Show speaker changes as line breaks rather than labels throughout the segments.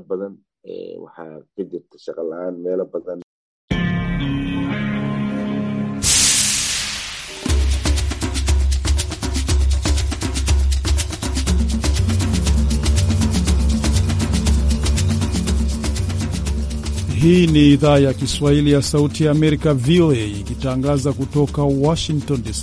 badan eh, waxaa ka jirta shaqo la-aan meelo badan
Hii ni idhaa ya Kiswahili ya Sauti ya Amerika, VOA, ikitangaza kutoka Washington DC.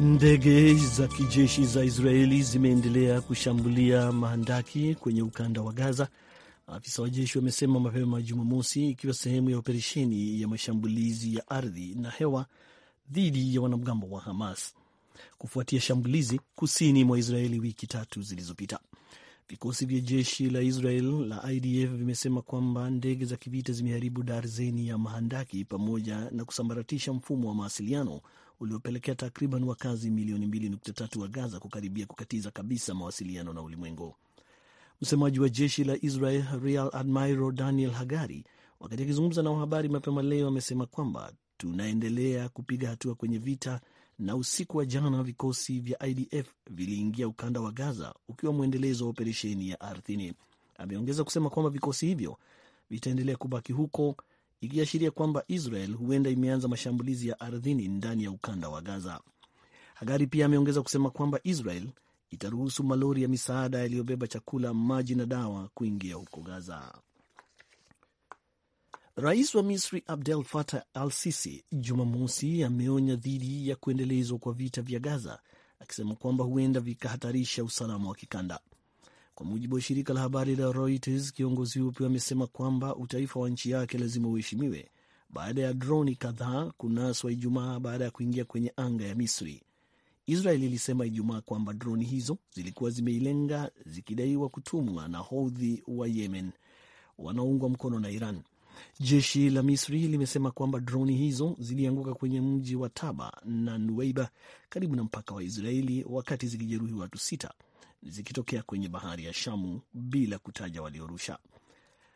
Ndege za kijeshi za Israeli zimeendelea kushambulia mahandaki kwenye ukanda wa Gaza, maafisa wa jeshi wamesema mapema Jumamosi, ikiwa sehemu ya operesheni ya mashambulizi ya ardhi na hewa dhidi ya wanamgambo wa Hamas kufuatia shambulizi kusini mwa Israeli wiki tatu zilizopita. Vikosi vya jeshi la Israel la IDF vimesema kwamba ndege za kivita zimeharibu darzeni ya mahandaki pamoja na kusambaratisha mfumo wa mawasiliano uliopelekea takriban wakazi milioni 2.3 wa Gaza kukaribia kukatiza kabisa mawasiliano na ulimwengu. Msemaji wa jeshi la Israel Real Admiral Daniel Hagari, wakati akizungumza na wahabari mapema leo, amesema kwamba tunaendelea kupiga hatua kwenye vita, na usiku wa jana vikosi vya IDF viliingia ukanda wa Gaza ukiwa mwendelezo wa operesheni ya ardhini. Ameongeza kusema kwamba vikosi hivyo vitaendelea kubaki huko ikiashiria kwamba Israel huenda imeanza mashambulizi ya ardhini ndani ya ukanda wa Gaza. Hagari pia ameongeza kusema kwamba Israel itaruhusu malori ya misaada yaliyobeba chakula, maji na dawa kuingia huko Gaza. Rais wa Misri Abdel Fattah Al Sisi Jumamosi ameonya dhidi ya kuendelezwa kwa vita vya Gaza, akisema kwamba huenda vikahatarisha usalama wa kikanda. Kwa mujibu wa shirika la habari la Reuters, kiongozi huyo pia amesema kwamba utaifa wa nchi yake lazima uheshimiwe baada ya droni kadhaa kunaswa Ijumaa baada ya kuingia kwenye anga ya Misri. Israel ilisema Ijumaa kwamba droni hizo zilikuwa zimeilenga zikidaiwa kutumwa na hodhi wa Yemen wanaoungwa mkono na Iran. Jeshi la Misri limesema kwamba droni hizo zilianguka kwenye mji wa Taba na Nuweiba karibu na mpaka wa Israeli, wakati zikijeruhi watu sita zikitokea kwenye bahari ya Shamu bila kutaja waliorusha.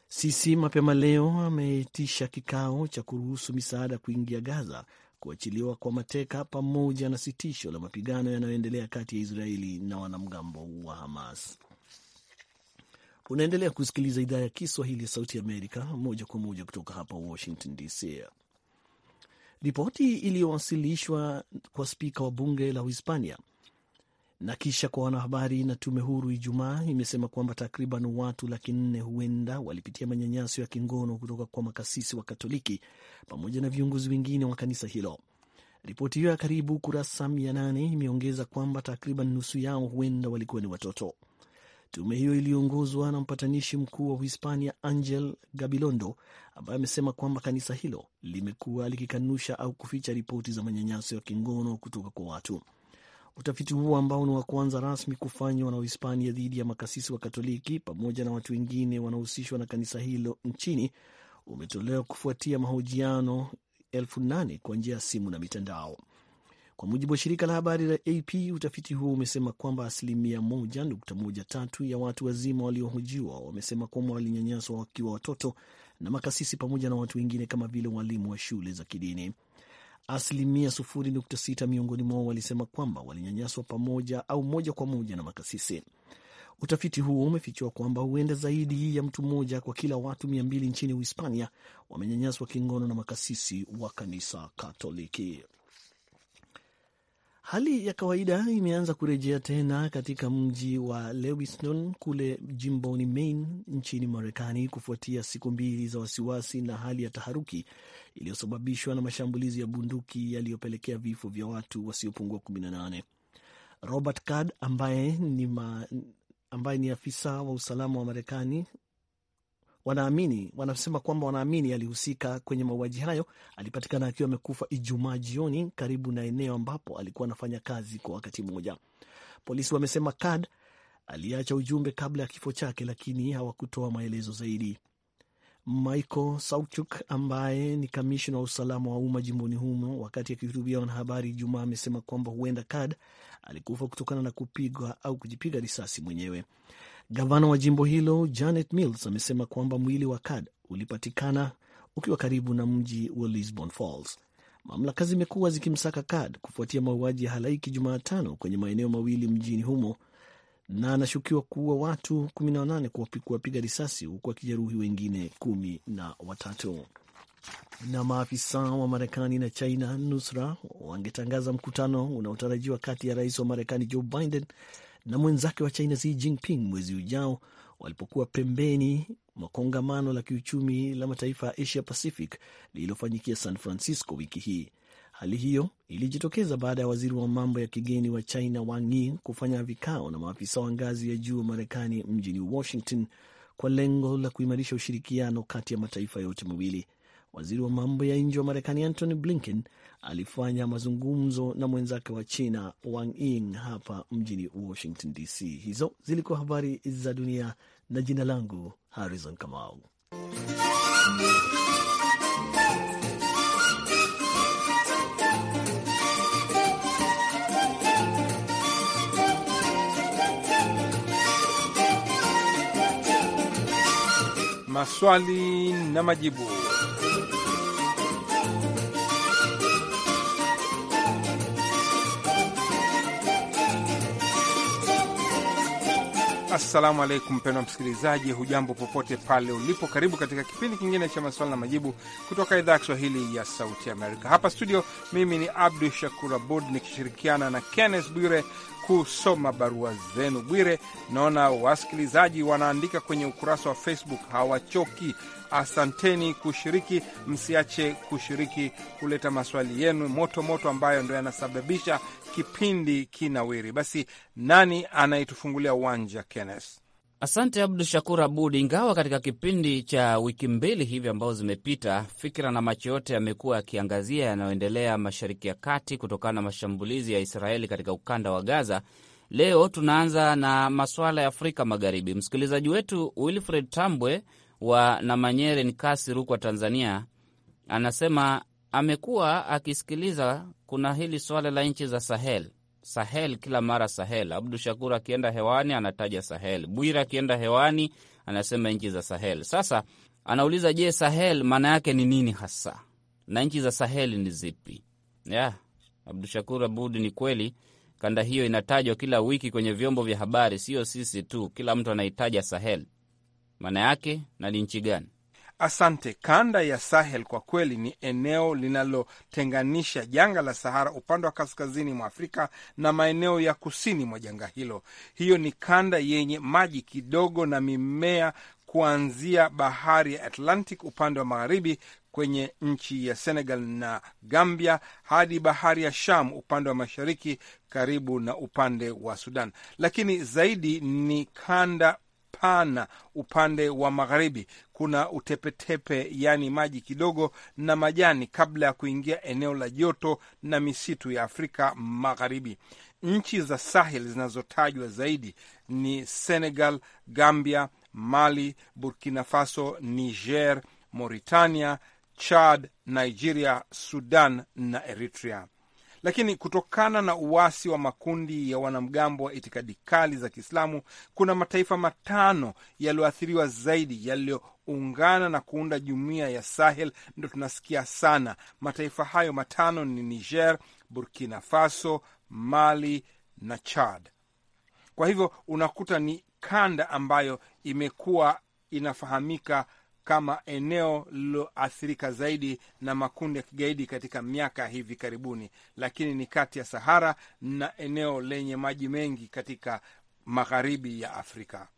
Sisi mapema leo ameitisha kikao cha kuruhusu misaada kuingia Gaza, kuachiliwa kwa mateka pamoja na sitisho la mapigano yanayoendelea kati ya Israeli na wanamgambo wa Hamas. Unaendelea kusikiliza idhaa ya Kiswahili ya Sauti ya Amerika moja kwa moja kutoka hapa Washington DC. Ripoti iliyowasilishwa kwa spika wa bunge la Uhispania na kisha kwa wanahabari. Na tume huru Ijumaa imesema kwamba takriban watu laki nne huenda walipitia manyanyaso ya kingono kutoka kwa makasisi wa Katoliki pamoja na viongozi wengine wa kanisa hilo. Ripoti hiyo ya karibu kurasa mia nane imeongeza kwamba takriban nusu yao huenda walikuwa ni watoto. Tume hiyo iliongozwa na mpatanishi mkuu wa Uhispania Angel Gabilondo, ambaye amesema kwamba kanisa hilo limekuwa likikanusha au kuficha ripoti za manyanyaso ya kingono kutoka kwa watu. Utafiti huo ambao ni wa kwanza rasmi kufanywa na Uhispania dhidi ya makasisi wa Katoliki pamoja na watu wengine wanaohusishwa na kanisa hilo nchini umetolewa kufuatia mahojiano elfu nane kwa njia ya simu na mitandao. Kwa mujibu wa shirika la habari la AP, utafiti huo umesema kwamba asilimia tatu ya watu wazima waliohojiwa wamesema kwamba walinyanyaswa wakiwa watoto na makasisi pamoja na watu wengine kama vile walimu wa shule za kidini asilimia 0.6 miongoni mwao walisema kwamba walinyanyaswa pamoja au moja kwa moja na makasisi. Utafiti huo umefichua kwamba huenda zaidi ya mtu mmoja kwa kila watu mia nchini Uhispania wamenyanyaswa kingono na makasisi wa kanisa Katoliki. Hali ya kawaida imeanza kurejea tena katika mji wa Lewiston kule jimboni Maine nchini Marekani kufuatia siku mbili za wasiwasi na hali ya taharuki iliyosababishwa na mashambulizi ya bunduki yaliyopelekea vifo vya watu wasiopungua 18. Robert Card ambaye ni ma, ambaye ni afisa wa usalama wa Marekani wanaamini wanasema kwamba wanaamini alihusika kwenye mauaji hayo. Alipatikana akiwa amekufa Ijumaa jioni karibu na eneo ambapo alikuwa anafanya kazi kwa wakati mmoja. Polisi wamesema Kad aliacha ujumbe kabla ya kifo chake, lakini hawakutoa maelezo zaidi. Michael Sauchuk ambaye ni kamishna wa usalama wa umma jimboni humo, wakati akihutubia wanahabari Ijumaa, amesema kwamba huenda Kad alikufa kutokana na kupigwa au kujipiga risasi mwenyewe. Gavana wa jimbo hilo Janet Mills amesema kwamba mwili wa Kad ulipatikana ukiwa karibu na mji wa Lisbon Falls. Mamlaka zimekuwa zikimsaka Kad kufuatia mauaji ya halaiki Jumatano kwenye maeneo mawili mjini humo, na anashukiwa kuua watu 18 kwa kuwapiga risasi huku akijeruhi wengine kumi na watatu. Na maafisa wa Marekani na China nusra wangetangaza mkutano unaotarajiwa kati ya rais wa Marekani Joe Biden na mwenzake wa China Xi Jinping mwezi ujao walipokuwa pembeni mwa kongamano la kiuchumi la mataifa ya Asia Pacific lililofanyikia San Francisco wiki hii. Hali hiyo ilijitokeza baada ya waziri wa mambo ya kigeni wa China Wang Yi kufanya vikao na maafisa wa ngazi ya juu wa Marekani mjini Washington kwa lengo la kuimarisha ushirikiano kati ya mataifa yote mawili waziri wa mambo ya nje wa Marekani Antony Blinken alifanya mazungumzo na mwenzake wa China Wang Yi hapa mjini Washington DC. Hizo zilikuwa habari za dunia, na jina langu Harrison Kamau.
Maswali na majibu. Assalamu alaikum mpendwa msikilizaji, hujambo popote pale ulipo, karibu katika kipindi kingine cha maswala na majibu kutoka idhaa ya Kiswahili ya Sauti Amerika. Hapa studio, mimi ni Abdu Shakur Abud nikishirikiana na Kenneth Bwire kusoma barua zenu. Bwire, naona wasikilizaji wanaandika kwenye ukurasa wa Facebook, hawachoki asanteni kushiriki, msiache kushiriki kuleta maswali yenu moto moto ambayo ndo yanasababisha kipindi kinawiri. Basi nani anayetufungulia uwanja, Kenneth? Asante Abdu Shakur Abud. Ingawa katika kipindi cha wiki mbili hivi ambazo zimepita, fikira
na macho yote yamekuwa yakiangazia yanayoendelea Mashariki ya Kati kutokana na mashambulizi ya Israeli katika ukanda wa Gaza. Leo tunaanza na masuala ya Afrika Magharibi. Msikilizaji wetu Wilfred Tambwe wa Namanyere Nkasi, Rukwa, Tanzania, anasema amekuwa akisikiliza kuna hili swala la nchi za Sahel. Sahel kila mara Sahel. Abdu Shakur akienda hewani anataja Sahel. Bwira akienda hewani anasema nchi za Sahel. Sasa anauliza, je, Sahel maana yake ni nini hasa na nchi za Sahel ni zipi? Yeah, Abdu Shakur Abud, ni kweli kanda hiyo inatajwa kila wiki kwenye vyombo vya habari, sio sisi tu, kila mtu anaitaja Sahel maana yake na ni nchi gani?
Asante. Kanda ya Sahel kwa kweli ni eneo linalotenganisha janga la Sahara upande wa kaskazini mwa Afrika na maeneo ya kusini mwa janga hilo. Hiyo ni kanda yenye maji kidogo na mimea kuanzia bahari ya Atlantic upande wa magharibi kwenye nchi ya Senegal na Gambia hadi bahari ya Sham upande wa mashariki karibu na upande wa Sudan, lakini zaidi ni kanda pana upande wa magharibi kuna utepetepe, yaani maji kidogo na majani, kabla ya kuingia eneo la joto na misitu ya Afrika Magharibi. Nchi za Sahel zinazotajwa zaidi ni Senegal, Gambia, Mali, Burkina Faso, Niger, Mauritania, Chad, Nigeria, Sudan na Eritrea lakini kutokana na uwasi wa makundi ya wanamgambo wa itikadi kali za Kiislamu, kuna mataifa matano yaliyoathiriwa zaidi yaliyoungana na kuunda jumuiya ya Sahel, ndo tunasikia sana. Mataifa hayo matano ni Niger, Burkina Faso, Mali na Chad. Kwa hivyo unakuta ni kanda ambayo imekuwa inafahamika kama eneo lililoathirika zaidi na makundi ya kigaidi katika miaka hivi karibuni, lakini ni kati ya Sahara na eneo lenye maji mengi katika magharibi ya Afrika.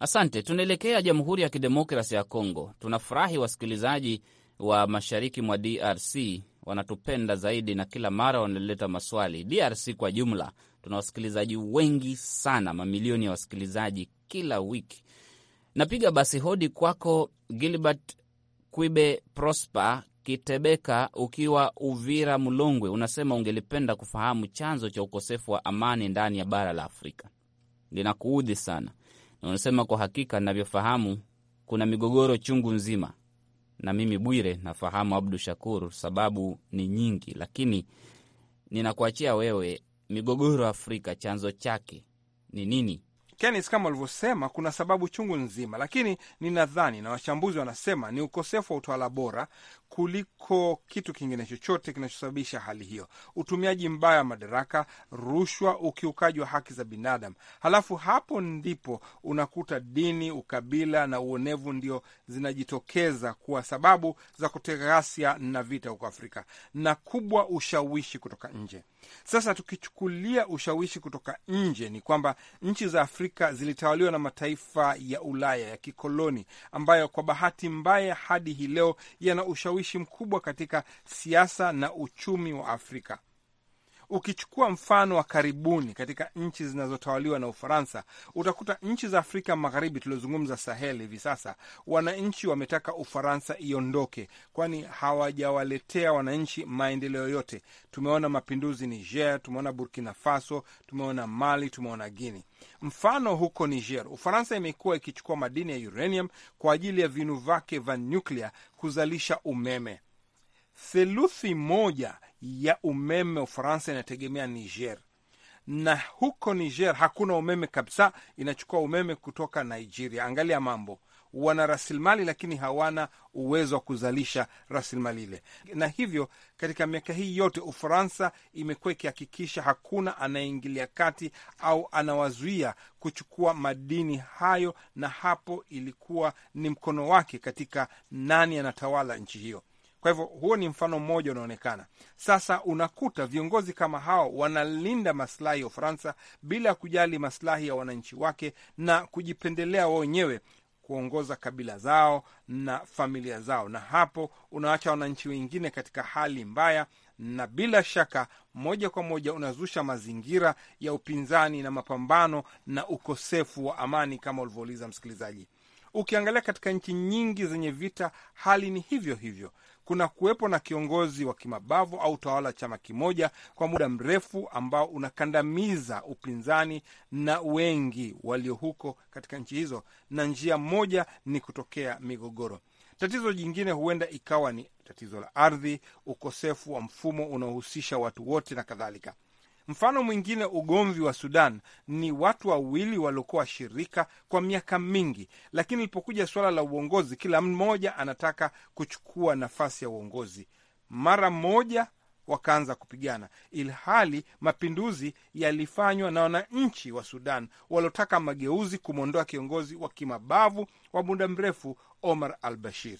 Asante. Tunaelekea Jamhuri ya Kidemokrasi ya Kongo. Tunafurahi wasikilizaji wa mashariki mwa DRC wanatupenda zaidi na kila mara wanaleta maswali. DRC kwa jumla tuna wasikilizaji wengi sana, mamilioni ya wasikilizaji kila wiki Napiga basi hodi kwako Gilbert Kwibe Prosper Kitebeka, ukiwa Uvira Mlongwe, unasema ungelipenda kufahamu chanzo cha ukosefu wa amani ndani ya bara la Afrika. Linakuudhi sana, na unasema kwa hakika navyofahamu kuna migogoro chungu nzima, na mimi Bwire nafahamu Abdu Shakur, sababu ni nyingi, lakini ninakuachia wewe,
migogoro Afrika chanzo chake ni nini? Kenis, kama ulivyosema, kuna sababu chungu nzima, lakini ninadhani na wachambuzi wanasema ni ukosefu wa utawala bora, kuliko kitu kingine chochote kinachosababisha hali hiyo: utumiaji mbaya wa madaraka, rushwa, ukiukaji wa haki za binadamu. Halafu hapo ndipo unakuta dini, ukabila na uonevu ndio zinajitokeza kuwa sababu za kuteka ghasia na vita huko Afrika, na kubwa ushawishi kutoka nje. Sasa tukichukulia ushawishi kutoka nje, ni kwamba nchi za Afrika zilitawaliwa na mataifa ya Ulaya ya kikoloni ambayo kwa bahati mbaya hadi hii leo yana ushawishi ushawishi mkubwa katika siasa na uchumi wa Afrika. Ukichukua mfano wa karibuni katika nchi zinazotawaliwa na Ufaransa, utakuta nchi za Afrika Magharibi tuliozungumza Sahel hivi sasa, wananchi wametaka Ufaransa iondoke, kwani hawajawaletea wananchi maendeleo yote Tumeona mapinduzi Niger, tumeona Burkina Faso, tumeona Mali, tumeona Guini. Mfano huko Niger, Ufaransa imekuwa ikichukua madini ya uranium kwa ajili ya vinu vake vya nyuklia kuzalisha umeme. Theluthi moja ya umeme Ufaransa inategemea Niger, na huko Niger hakuna umeme kabisa, inachukua umeme kutoka Nigeria. Angalia mambo, wana rasilimali lakini hawana uwezo wa kuzalisha rasilimali ile, na hivyo katika miaka hii yote Ufaransa imekuwa ikihakikisha hakuna anayeingilia kati au anawazuia kuchukua madini hayo, na hapo ilikuwa ni mkono wake katika nani anatawala nchi hiyo. Kwa hivyo huo ni mfano mmoja unaonekana sasa. Unakuta viongozi kama hao wanalinda masilahi ya Ufaransa bila ya kujali masilahi ya wananchi wake na kujipendelea wao wenyewe kuongoza kabila zao na familia zao, na hapo unaacha wananchi wengine katika hali mbaya, na bila shaka moja kwa moja unazusha mazingira ya upinzani na mapambano na ukosefu wa amani, kama ulivyouliza msikilizaji. Ukiangalia katika nchi nyingi zenye vita, hali ni hivyo hivyo kuna kuwepo na kiongozi wa kimabavu au utawala wa chama kimoja kwa muda mrefu ambao unakandamiza upinzani na wengi walio huko katika nchi hizo, na njia moja ni kutokea migogoro. Tatizo jingine huenda ikawa ni tatizo la ardhi, ukosefu wa mfumo unaohusisha watu wote na kadhalika. Mfano mwingine, ugomvi wa Sudan, ni watu wawili waliokuwa washirika kwa miaka mingi, lakini ilipokuja suala la uongozi, kila mmoja anataka kuchukua nafasi ya uongozi. Mara moja wakaanza kupigana, ilhali mapinduzi yalifanywa na wananchi wa Sudan waliotaka mageuzi kumwondoa kiongozi wa kimabavu wa muda mrefu Omar al Bashir.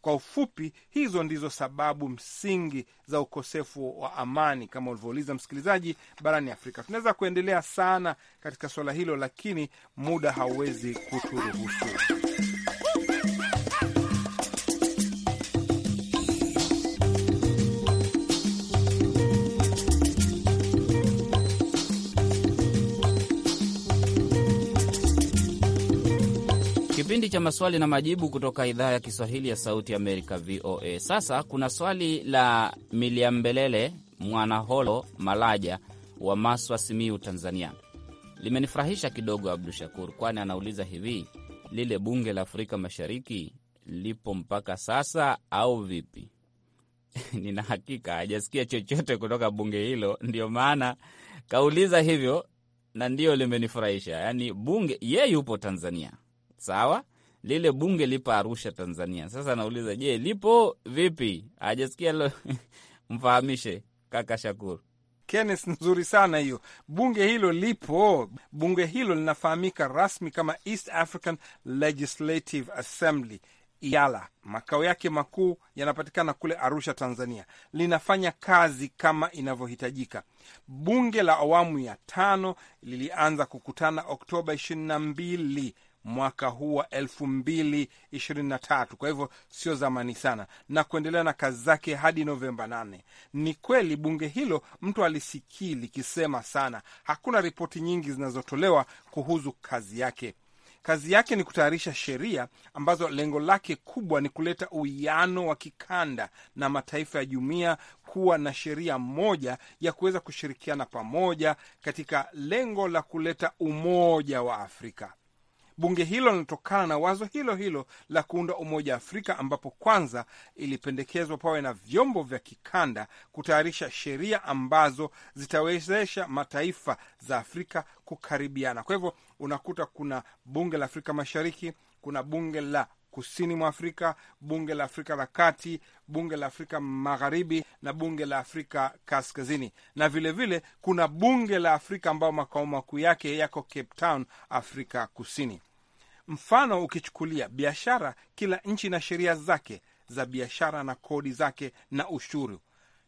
Kwa ufupi, hizo ndizo sababu msingi za ukosefu wa amani, kama ulivyouliza msikilizaji, barani Afrika. Tunaweza kuendelea sana katika suala hilo, lakini muda hauwezi kuturuhusu.
kipindi cha maswali na majibu kutoka idhaa ya Kiswahili ya Sauti Amerika, VOA. Sasa kuna swali la Miliambelele Mwanaholo Malaja wa Maswa, Simiu, Tanzania. Limenifurahisha kidogo, Abdu Shakur, kwani anauliza hivi, lile bunge la Afrika Mashariki lipo mpaka sasa au vipi? Nina hakika hajasikia chochote kutoka bunge hilo, ndio maana kauliza hivyo, na ndiyo limenifurahisha. Yaani bunge, ye yupo Tanzania, sawa, lile bunge lipo Arusha, Tanzania. Sasa nauliza, je, lipo vipi?
ajasikia lo mfahamishe kaka Shakuru. Kenneth, nzuri sana hiyo. Bunge hilo lipo, bunge hilo linafahamika rasmi kama East African Legislative Assembly IALA. Makao yake makuu yanapatikana kule Arusha, Tanzania. Linafanya kazi kama inavyohitajika. Bunge la awamu ya tano lilianza kukutana Oktoba ishirini na mbili mwaka huu wa tatu. kwa hivyo sio zamani sana, na kuendelea na kazi zake hadi Novemba nane. Ni kweli bunge hilo mtu alisikii likisema sana, hakuna ripoti nyingi zinazotolewa kuhusu kazi yake. Kazi yake ni kutayarisha sheria ambazo lengo lake kubwa ni kuleta uwiano wa kikanda na mataifa ya jumuiya kuwa na sheria moja ya kuweza kushirikiana pamoja katika lengo la kuleta umoja wa Afrika. Bunge hilo linatokana na wazo hilo hilo la kuunda Umoja wa Afrika, ambapo kwanza ilipendekezwa pawe na vyombo vya kikanda kutayarisha sheria ambazo zitawezesha mataifa za Afrika kukaribiana. Kwa hivyo unakuta kuna bunge la Afrika Mashariki, kuna bunge la kusini mwa Afrika, bunge la Afrika la kati, bunge la Afrika magharibi na bunge la Afrika kaskazini, na vilevile vile, kuna bunge la Afrika ambayo makao makuu yake yako Cape Town, Afrika Kusini. Mfano, ukichukulia biashara, kila nchi na sheria zake za biashara na kodi zake na ushuru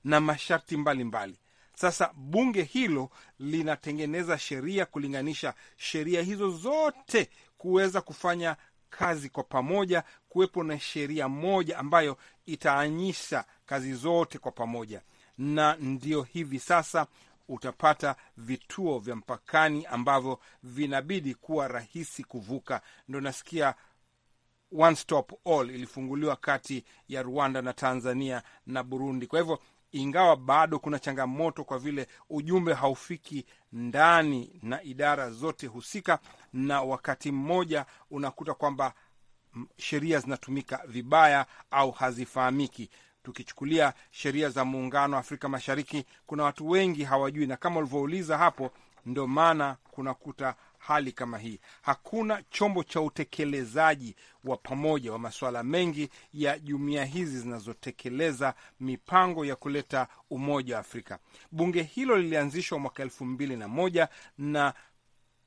na masharti mbalimbali mbali. Sasa bunge hilo linatengeneza sheria kulinganisha sheria hizo zote kuweza kufanya kazi kwa pamoja, kuwepo na sheria moja ambayo itaanyisha kazi zote kwa pamoja, na ndio hivi sasa utapata vituo vya mpakani ambavyo vinabidi kuwa rahisi kuvuka. Ndo nasikia one stop all ilifunguliwa kati ya Rwanda na Tanzania na Burundi. Kwa hivyo ingawa bado kuna changamoto kwa vile ujumbe haufiki ndani na idara zote husika, na wakati mmoja unakuta kwamba sheria zinatumika vibaya au hazifahamiki tukichukulia sheria za muungano wa Afrika Mashariki, kuna watu wengi hawajui, na kama ulivyouliza hapo, ndio maana kunakuta hali kama hii. Hakuna chombo cha utekelezaji wa pamoja wa masuala mengi ya jumuiya hizi zinazotekeleza mipango ya kuleta umoja wa Afrika. Bunge hilo lilianzishwa mwaka elfu mbili na moja na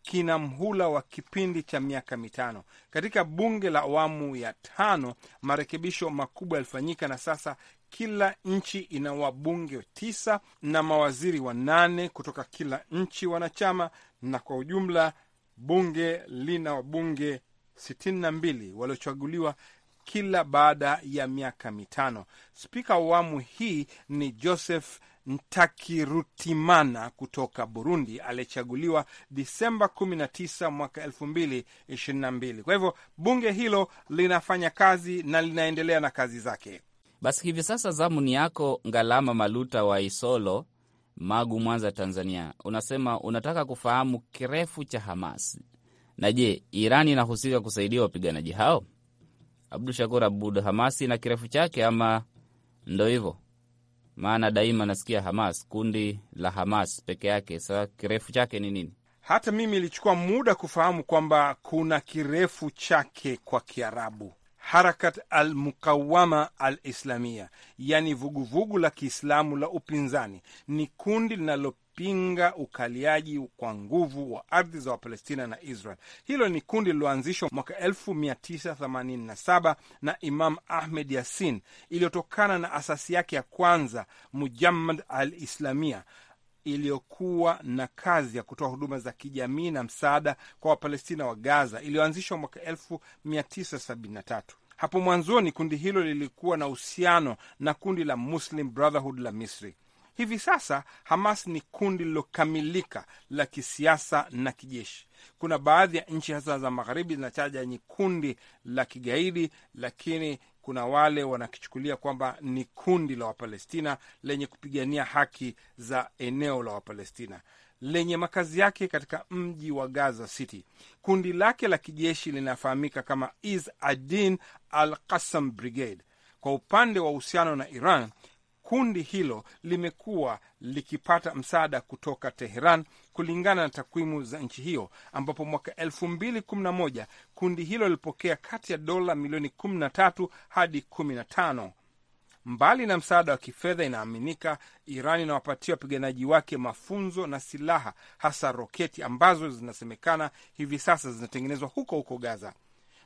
kina mhula wa kipindi cha miaka mitano. Katika bunge la awamu ya tano, marekebisho makubwa yalifanyika na sasa kila nchi ina wabunge tisa na mawaziri wanane kutoka kila nchi wanachama, na kwa ujumla bunge lina wabunge sitini na mbili waliochaguliwa kila baada ya miaka mitano. Spika wa awamu hii ni Joseph Ntakirutimana kutoka Burundi aliyechaguliwa Disemba 19 mwaka 2022. Kwa hivyo bunge hilo linafanya kazi na linaendelea na kazi zake. Basi hivi sasa
zamu ni yako, Ngalama Maluta wa Isolo, Magu, Mwanza, Tanzania. Unasema unataka kufahamu kirefu cha Hamas na je, iran inahusika kusaidia wapiganaji hao? Abdu Shakur Abud, Hamasi na kirefu chake ama ndo hivyo? maana daima nasikia Hamas, kundi la Hamas peke yake. Sasa kirefu chake ni nini?
Hata mimi ilichukua muda kufahamu kwamba kuna kirefu chake kwa Kiarabu, Harakat Mukawama Al Islamia, yaani vuguvugu la Kiislamu la upinzani. Ni kundi linalo kupinga ukaliaji kwa nguvu wa ardhi za Wapalestina na Israel. Hilo ni kundi lililoanzishwa mwaka 1987 na Imam Ahmed Yasin, iliyotokana na asasi yake ya kwanza Mujamad al Islamia iliyokuwa na kazi ya kutoa huduma za kijamii na msaada kwa Wapalestina wa Gaza, iliyoanzishwa mwaka 1973. Hapo mwanzoni kundi hilo lilikuwa na uhusiano na kundi la Muslim Brotherhood la Misri. Hivi sasa Hamas ni kundi lilokamilika la kisiasa na kijeshi. Kuna baadhi ya nchi hasa za magharibi zinataja ni kundi la kigaidi, lakini kuna wale wanakichukulia kwamba ni kundi la Wapalestina lenye kupigania haki za eneo la Wapalestina lenye makazi yake katika mji wa Gaza City. Kundi lake la kijeshi linafahamika kama Is Adin Al Qassam Brigade. Kwa upande wa uhusiano na Iran, kundi hilo limekuwa likipata msaada kutoka Teheran kulingana na takwimu za nchi hiyo, ambapo mwaka elfu mbili kumi na moja kundi hilo lilipokea kati ya dola milioni kumi na tatu hadi kumi na tano. Mbali na msaada wa kifedha, inaaminika Iran inawapatia wapiganaji wake mafunzo na silaha, hasa roketi ambazo zinasemekana hivi sasa zinatengenezwa huko huko Gaza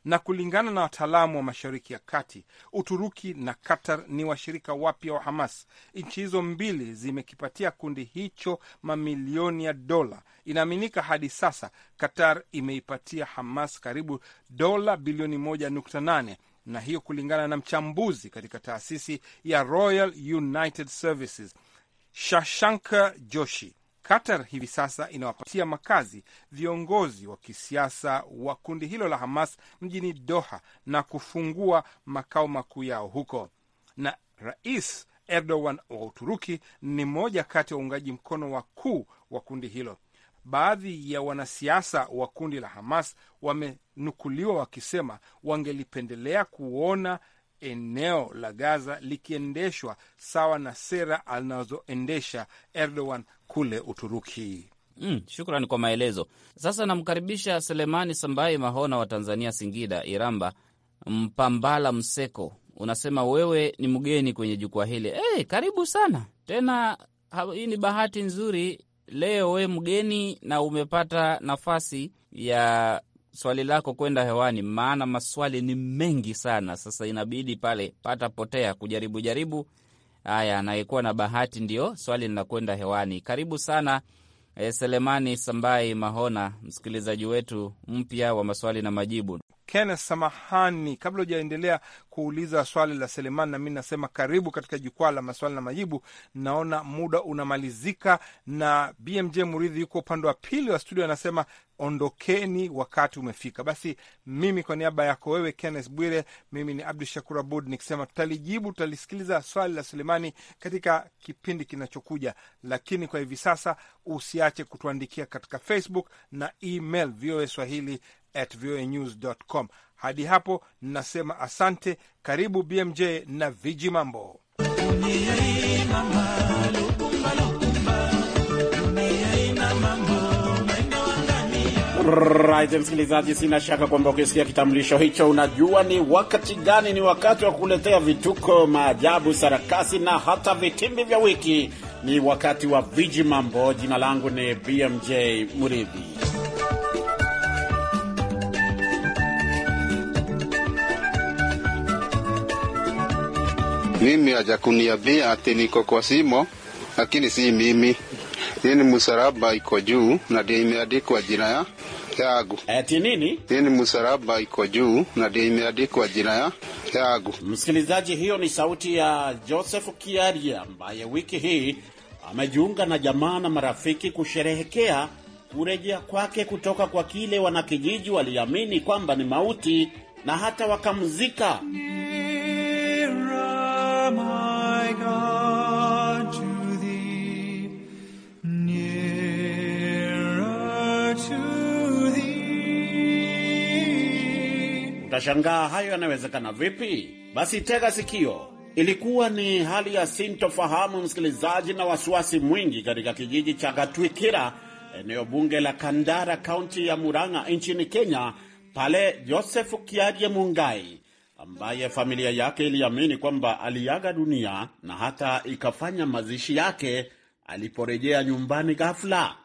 na kulingana na wataalamu wa Mashariki ya Kati, Uturuki na Qatar ni washirika wapya wa Hamas. Nchi hizo mbili zimekipatia kundi hicho mamilioni ya dola. Inaaminika hadi sasa Qatar imeipatia Hamas karibu dola bilioni 1.8 na hiyo kulingana na mchambuzi katika taasisi ya Royal United Services Shashanka Joshi. Qatar hivi sasa inawapatia makazi viongozi wa kisiasa wa kundi hilo la Hamas mjini Doha na kufungua makao makuu yao huko. Na Rais Erdogan wa Uturuki ni mmoja kati ya waungaji mkono wakuu wa kundi hilo. Baadhi ya wanasiasa wa kundi la Hamas wamenukuliwa wakisema wangelipendelea kuona eneo la Gaza likiendeshwa sawa na sera anazoendesha Erdogan kule Uturuki.
Mm, shukran kwa maelezo. Sasa namkaribisha Selemani Sambai Mahona wa Tanzania, Singida, Iramba, Mpambala Mseko. Unasema wewe ni mgeni kwenye jukwaa hili. Hey, eh, karibu sana tena. Hii ni bahati nzuri leo, we mgeni na umepata nafasi ya swali lako kwenda hewani, maana maswali ni mengi sana. Sasa inabidi pale pata potea kujaribu jaribu. Haya, anayekuwa na bahati ndio swali linakwenda hewani. Karibu sana eh, Selemani Sambai Mahona, msikilizaji wetu mpya wa maswali na majibu.
Kenneth, samahani, kabla hujaendelea kuuliza swali la Selemani, nami nasema karibu katika jukwaa la maswali na majibu. Naona muda unamalizika na BMJ Muridhi yuko upande wa pili wa studio, anasema ondokeni, wakati umefika. Basi mimi kwa niaba yako wewe Kenneth Bwire, mimi ni Abdu Shakur Abud nikisema tutalijibu, tutalisikiliza swali la Selemani katika kipindi kinachokuja, lakini kwa hivi sasa usiache kutuandikia katika Facebook na email voa swahili at voanews.com. Hadi hapo nasema asante. Karibu BMJ na viji mambo
Right, msikilizaji, sina shaka kwamba ukisikia kitambulisho hicho unajua ni wakati gani. Ni wakati wa kuletea vituko, maajabu, sarakasi na hata vitimbi vya wiki. Ni wakati wa viji mambo. Jina langu ni BMJ Muridhi. Mimi
hajakuniambia ati niko kwa simo, lakini si mimi. Ini yaani msalaba iko
juu na ndio imeandikwa jina ya yangu. Ati nini? Ini yaani msalaba iko juu na ndio imeandikwa jina ya yangu. Msikilizaji, hiyo ni sauti ya Joseph kiari ambaye wiki hii amejiunga na jamaa na marafiki kusherehekea kurejea kwake kutoka kwa kile wanakijiji waliamini kwamba ni mauti na hata wakamzika. Utashangaa hayo yanawezekana vipi? Basi tega sikio. Ilikuwa ni hali ya sintofahamu, msikilizaji, na wasiwasi mwingi katika kijiji cha Gatwikira, eneo bunge la Kandara, kaunti ya Murang'a nchini Kenya, pale Josefu Kiarie Mungai ambaye familia yake iliamini kwamba aliaga dunia na hata ikafanya mazishi yake aliporejea nyumbani ghafla.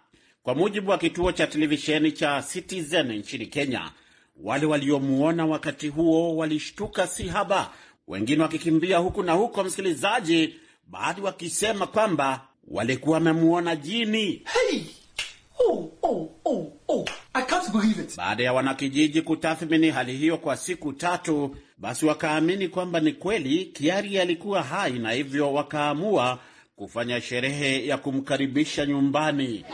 Kwa mujibu wa kituo cha televisheni cha Citizen nchini Kenya, wale waliomuona wakati huo walishtuka si haba, wengine wakikimbia huku na huko, msikilizaji, baadhi wakisema kwamba walikuwa wamemuona jini. Hey! Oh, oh, oh, oh. I can't believe it. Baada ya wanakijiji kutathmini hali hiyo kwa siku tatu, basi wakaamini kwamba ni kweli Kiari alikuwa hai na hivyo wakaamua kufanya sherehe ya kumkaribisha nyumbani.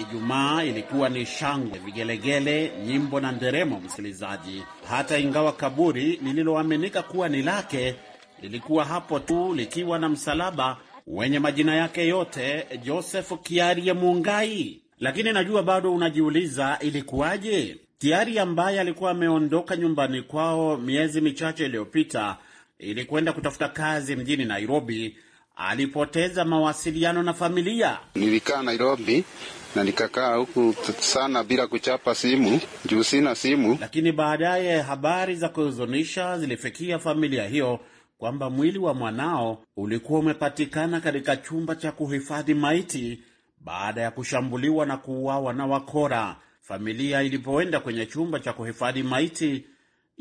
Ijumaa ilikuwa ni shangwe, vigelegele, nyimbo na nderemo, msikilizaji. Hata ingawa kaburi lililoaminika kuwa ni lake lilikuwa hapo tu likiwa na msalaba wenye majina yake yote, Joseph Kiarie Mungai, lakini najua bado unajiuliza ilikuwaje? Kiari ambaye alikuwa ameondoka nyumbani kwao miezi michache iliyopita ili kwenda kutafuta kazi mjini Nairobi alipoteza mawasiliano na familia.
Nilikaa Nairobi na nikakaa huku sana bila kuchapa simu juu sina
simu. Lakini baadaye habari za kuhuzunisha zilifikia familia hiyo kwamba mwili wa mwanao ulikuwa umepatikana katika chumba cha kuhifadhi maiti baada ya kushambuliwa na kuuawa na wakora. Familia ilipoenda kwenye chumba cha kuhifadhi maiti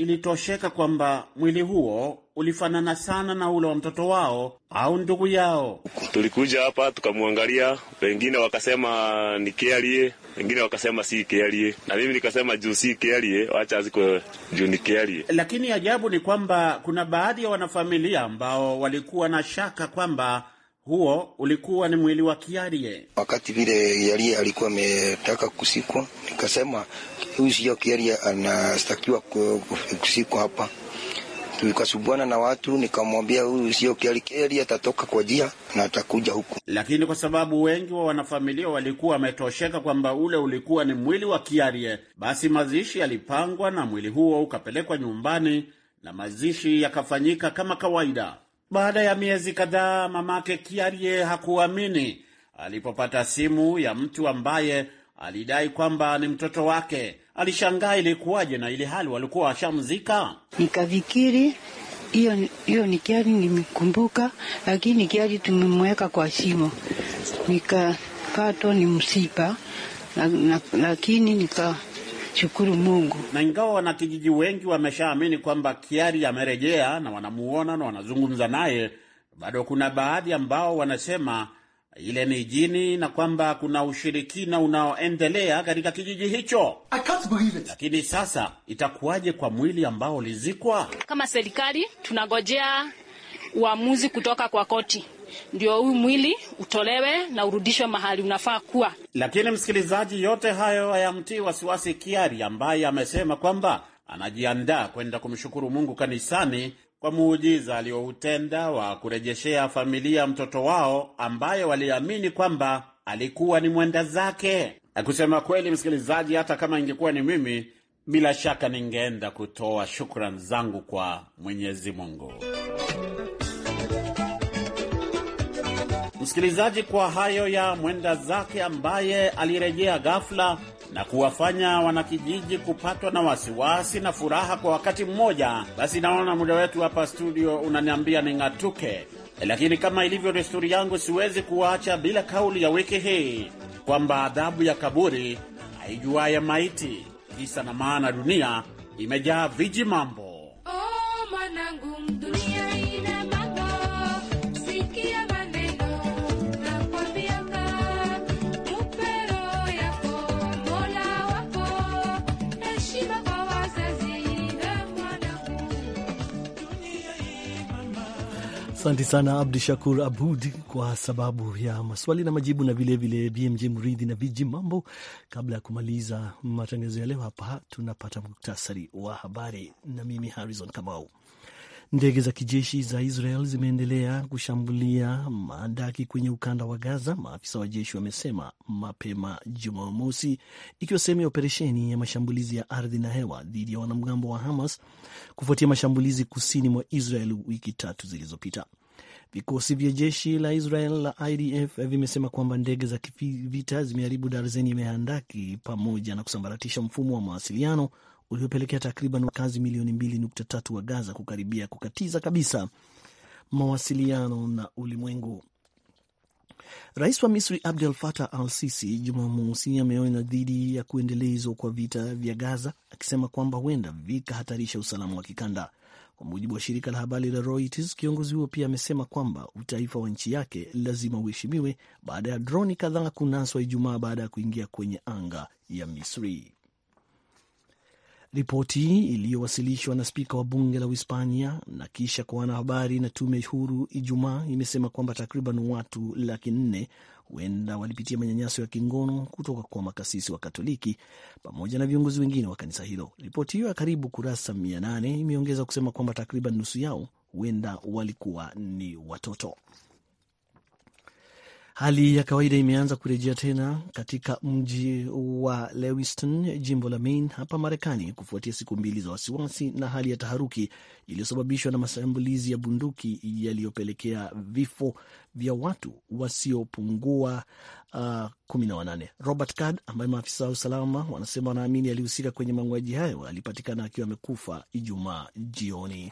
ilitosheka kwamba mwili huo ulifanana sana na ule wa mtoto wao au ndugu yao. Tulikuja hapa tukamwangalia, wengine wakasema ni Kealie, wengine wakasema si Kealie, na mimi nikasema juu si Kealie, wacha azikwe juu ni Kealie. Lakini ajabu ni kwamba kuna baadhi ya wanafamilia ambao walikuwa na shaka kwamba huo ulikuwa ni mwili wa Kiarie.
Wakati vile Yarie alikuwa ametaka kusikwa, nikasema huyu sio Kiarie, anastakiwa kusikwa hapa. Tulikasubuana na watu,
nikamwambia
huyu sio Kiarie, Kiarie atatoka kwa jia na atakuja huku.
Lakini kwa sababu wengi wa wanafamilia walikuwa wametosheka kwamba ule ulikuwa ni mwili wa Kiarie, basi mazishi yalipangwa na mwili huo ukapelekwa nyumbani na mazishi yakafanyika kama kawaida. Baada ya miezi kadhaa, mamake Kiarie hakuamini alipopata simu ya mtu ambaye alidai kwamba ni mtoto wake. Alishangaa ilikuwaje, na ili hali walikuwa washamzika.
Nikafikiri hiyo hiyo ni Kiari, nimekumbuka, lakini Kiari tumemweka kwa simu nikapatwa ni msiba, lakini nika Shukuru Mungu.
Na ingawa wanakijiji wengi wameshaamini kwamba Kiari amerejea na wanamuona na wanazungumza naye, bado kuna baadhi ambao wanasema ile ni jini na kwamba kuna ushirikina unaoendelea katika kijiji hicho. Lakini sasa itakuwaje kwa mwili ambao ulizikwa?
Kama serikali tunagojea uamuzi kutoka kwa koti ndio huu mwili utolewe na urudishwe mahali unafaa kuwa.
Lakini msikilizaji, yote hayo hayamtii wasiwasi Kiari ambaye amesema kwamba anajiandaa kwenda kumshukuru Mungu kanisani kwa muujiza alioutenda wa kurejeshea familia mtoto wao ambaye waliamini kwamba alikuwa ni mwenda zake. Kusema kweli, msikilizaji, hata kama ingekuwa ni mimi, bila shaka ningeenda kutoa shukrani zangu kwa Mwenyezi Mungu. Msikilizaji, kwa hayo ya mwenda zake ambaye alirejea ghafla na kuwafanya wanakijiji kupatwa na wasiwasi na furaha kwa wakati mmoja, basi naona muda wetu hapa studio unaniambia ning'atuke, lakini kama ilivyo desturi yangu, siwezi kuwaacha bila kauli ya wiki hii kwamba adhabu ya kaburi haijuaye maiti. Kisa na maana, dunia imejaa viji mambo.
Oh, manangu, dunia ina
Asante sana Abdu Shakur Abud kwa sababu ya maswali na majibu na vilevile BMJ Mridhi na Viji Mambo. Kabla ya kumaliza matangazo ya leo hapa, tunapata muktasari wa habari na mimi Harrison Kamau. Ndege za kijeshi za Israel zimeendelea kushambulia maandaki kwenye ukanda wa Gaza, maafisa wa jeshi wamesema mapema Jumamosi, ikiwa sehemu ya operesheni ya mashambulizi ya ardhi na hewa dhidi ya wanamgambo wa Hamas kufuatia mashambulizi kusini mwa Israel wiki tatu zilizopita. Vikosi vya jeshi la Israel la IDF vimesema kwamba ndege za kivita zimeharibu darzeni ya mehandaki pamoja na kusambaratisha mfumo wa mawasiliano uliopelekea takriban wakazi milioni mbili nukta tatu wa Gaza kukaribia kukatiza kabisa mawasiliano na ulimwengu. Rais wa Misri Abdel Fattah al-Sisi Jumamosi ameonya dhidi ya kuendelezwa kwa vita vya Gaza, akisema kwamba huenda vikahatarisha usalama wa kikanda. Kwa mujibu wa shirika la habari la Reuters, kiongozi huo pia amesema kwamba utaifa wa nchi yake lazima uheshimiwe baada ya droni kadhaa kunaswa Ijumaa baada ya kuingia kwenye anga ya Misri. Ripoti iliyowasilishwa na spika wa bunge la Uhispania na kisha kwa wanahabari na tume huru Ijumaa imesema kwamba takriban watu laki nne huenda walipitia manyanyaso ya kingono kutoka kwa makasisi wa Katoliki pamoja na viongozi wengine wa kanisa hilo. Ripoti hiyo ya karibu kurasa mia nane imeongeza kusema kwamba takriban nusu yao huenda walikuwa ni watoto. Hali ya kawaida imeanza kurejea tena katika mji wa Lewiston, jimbo la Maine hapa Marekani, kufuatia siku mbili za wasiwasi na hali ya taharuki iliyosababishwa na mashambulizi ya bunduki yaliyopelekea vifo vya watu wasiopungua uh, kumi na wanane. Robert Card ambaye maafisa wa usalama wanasema wanaamini alihusika kwenye mauaji hayo alipatikana akiwa amekufa Ijumaa jioni.